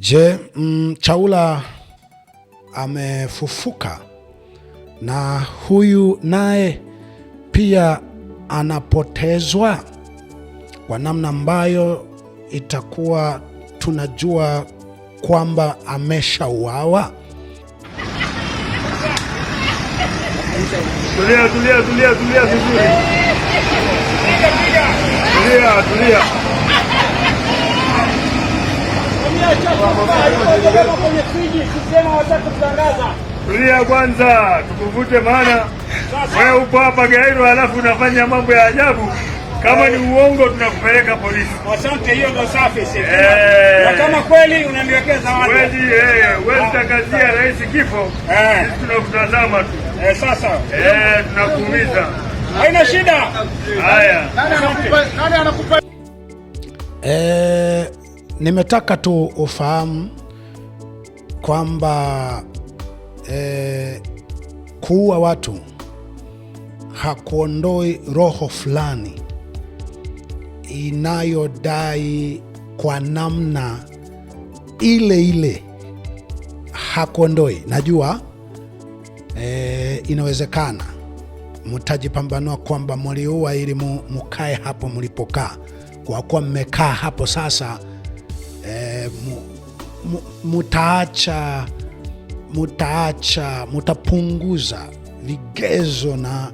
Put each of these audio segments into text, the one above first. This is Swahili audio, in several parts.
Je, mm, Chaula amefufuka na huyu naye pia anapotezwa kwa namna ambayo itakuwa tunajua kwamba ameshauawa? Tulia, tulia, tulia, tulia vizuri. Tulia, tulia. Tulia kwanza, tukuvute, maana wewe upo hapa Gairo alafu unafanya mambo ya ajabu. Kama ni uongo tunakupeleka polisi. Asante, hiyo ndo safi. Eh. Na kama kweli unaniwekea zawadi. Kweli eh, wewe utakazia ah. rais kifo. Eh. Sisi tunakutazama tu. Eh, sasa. Eh, tunakuumiza. Haina shida. Haya. nani anakupa, Nani anakupa? Eh nimetaka tu ufahamu kwamba eh, kuua watu hakuondoi roho fulani inayodai kwa namna ile ile, hakuondoi. Najua eh, inawezekana mtajipambanua kwamba mliua ili mukae hapo mlipokaa, kwa kuwa mmekaa hapo sasa mutaacha mutaacha mutapunguza vigezo na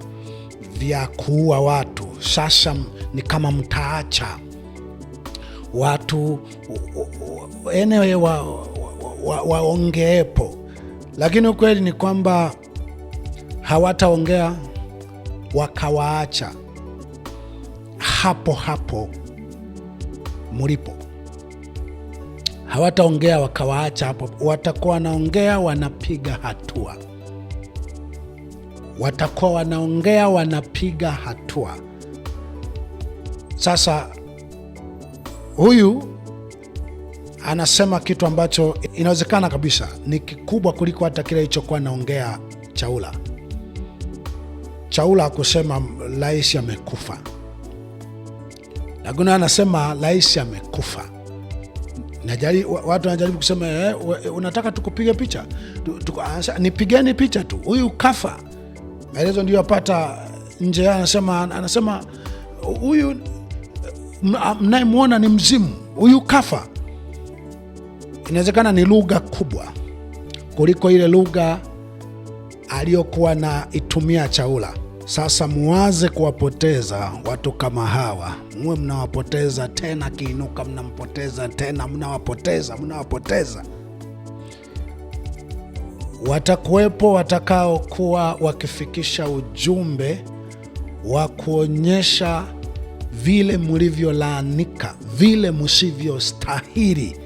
vya kuua watu. Sasa ni kama mtaacha watu enewe waongeepo wa, wa, wa, lakini ukweli ni kwamba hawataongea, wakawaacha hapo hapo mulipo hawataongea wakawaacha hapo, watakuwa wanaongea wanapiga hatua, watakuwa wanaongea wanapiga hatua. Sasa huyu anasema kitu ambacho inawezekana kabisa ni kikubwa kuliko hata kile ilichokuwa naongea Chaula. Chaula akusema rais amekufa, lakini anasema rais amekufa watu wanajaribu kusema eh, unataka tukupiga picha tuku, ah, nipigeni picha tu, huyu kafa. Maelezo ndio apata nje, anasema anasema huyu ah, mnayemwona ni mzimu, huyu kafa. Inawezekana ni lugha kubwa kuliko ile lugha aliyokuwa na itumia Chaula. Sasa muwaze kuwapoteza watu kama hawa, muwe mnawapoteza tena, kiinuka mnampoteza tena, mnawapoteza mnawapoteza. Watakuwepo watakaokuwa wakifikisha ujumbe wa kuonyesha vile mlivyolaanika, vile msivyostahili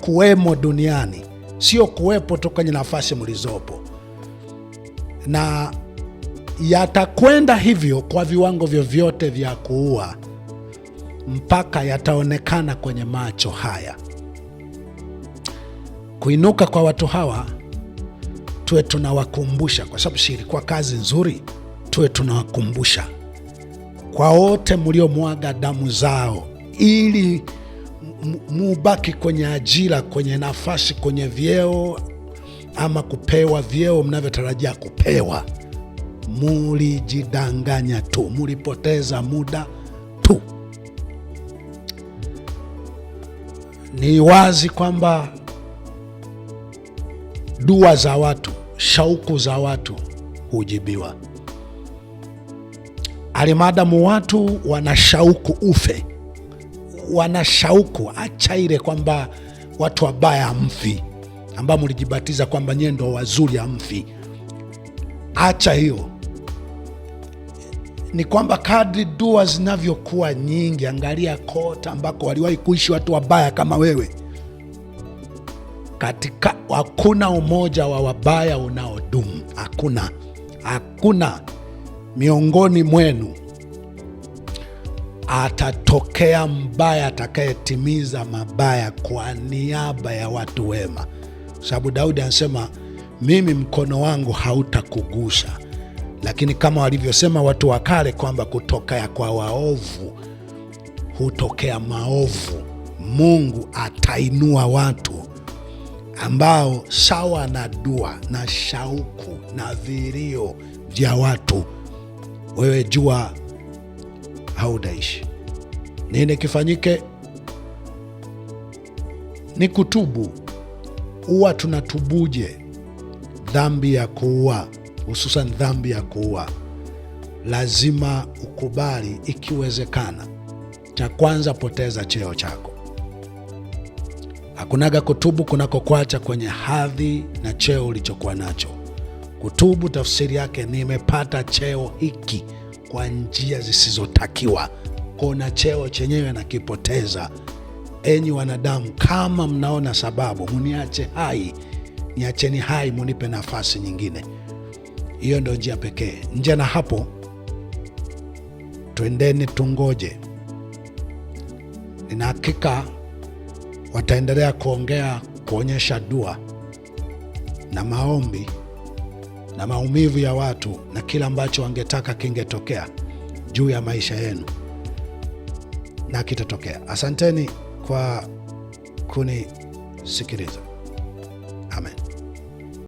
kuwemo duniani, sio kuwepo tu kwenye nafasi mlizopo na Yatakwenda hivyo kwa viwango vyovyote vya kuua mpaka yataonekana kwenye macho haya. Kuinuka kwa watu hawa tuwe tunawakumbusha, kwa sababu si ilikuwa kazi nzuri. Tuwe tunawakumbusha kwa wote mliomwaga damu zao ili mubaki kwenye ajira, kwenye nafasi, kwenye vyeo ama kupewa vyeo mnavyotarajia kupewa mulijidanganya tu, mulipoteza muda tu. Ni wazi kwamba dua za watu, shauku za watu hujibiwa. Alimadamu watu wana shauku ufe, wana shauku acha ile kwamba watu wabaya amfi, ambao mlijibatiza kwamba nyie ndo wazuri amfi, acha hiyo ni kwamba kadri dua zinavyokuwa nyingi, angalia kota ambako waliwahi kuishi watu wabaya kama wewe. Katika hakuna umoja wa wabaya unaodumu, hakuna, hakuna miongoni mwenu atatokea mbaya atakayetimiza mabaya kwa niaba ya watu wema, kwa sababu Daudi anasema, mimi mkono wangu hautakugusha lakini kama walivyosema watu wa kale kwamba kutokea kwa waovu hutokea maovu, Mungu atainua watu ambao sawa na dua na shauku na vilio vya watu, wewe jua haudaishi. Nini kifanyike? Ni kutubu. Huwa tunatubuje dhambi ya kuua hususan dhambi ya kuua, lazima ukubali, ikiwezekana. Cha kwanza, poteza cheo chako. Hakunaga kutubu kunakokwacha kwenye hadhi na cheo ulichokuwa nacho. Kutubu tafsiri yake, nimepata cheo hiki kwa njia zisizotakiwa, kuna cheo chenyewe nakipoteza. Enyi wanadamu, kama mnaona sababu muniache hai, niacheni hai, munipe nafasi nyingine. Hiyo ndio njia pekee. Nje na hapo, twendeni tungoje. Nina hakika wataendelea kuongea, kuonyesha dua na maombi na maumivu ya watu na kila ambacho wangetaka kingetokea juu ya maisha yenu na kitatokea. Asanteni kwa kunisikiliza.